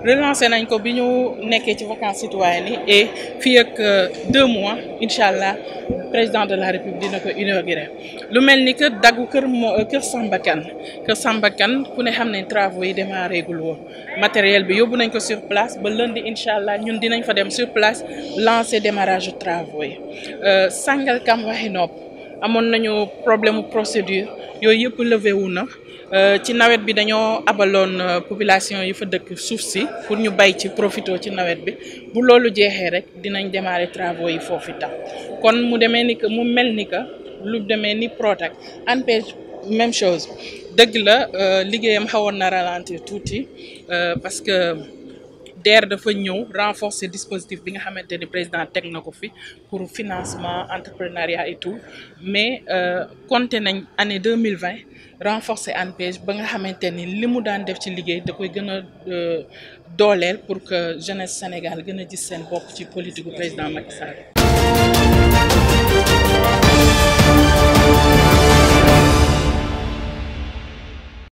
Relancer nañ ko bi ñu nekkee ci vacances citoyennes et fi ak euh, deux mois inshallah président de la république dina ko inaugurer. lu melni ni que daggu kër euh, kër Samba Kane kër Samba ku ne xamné travaux yi démarré gul wo matériel bi yóbbu nañ ko sur place ba lundi inshallah ñun dinañ fa dem sur place lancer démarrage travaux euh, sangal kam waxi nop amon nañu problème procédure yooyu yëpp levé wu na euh, ci nawet bi dañoo abaloon euh, population yi fa dëkk suuf si pour ñu bay ci profito ci nawet bi bu loolu jeexee rek dinañ démarrer travaux yi foofu itam kon mu demee ni que mu mel ni que lu demee ni Prodac ANPEJ même chose dëgg la euh, liggéeyam xawoon na ralentir tuuti parce que DER dafa ñëw renforcer dispositif bi nga xamante ni président teg fi pour financement entrepreneuriat et tout mais euh, compté nañ année 2020 2020, renforcer ANPEJ ba nga xamante ni li mu daan def ci liggéey da koy gën a euh, dooleel pour que jeunesse Sénégal gën a gis seen bopp ci politique président Macky Sall.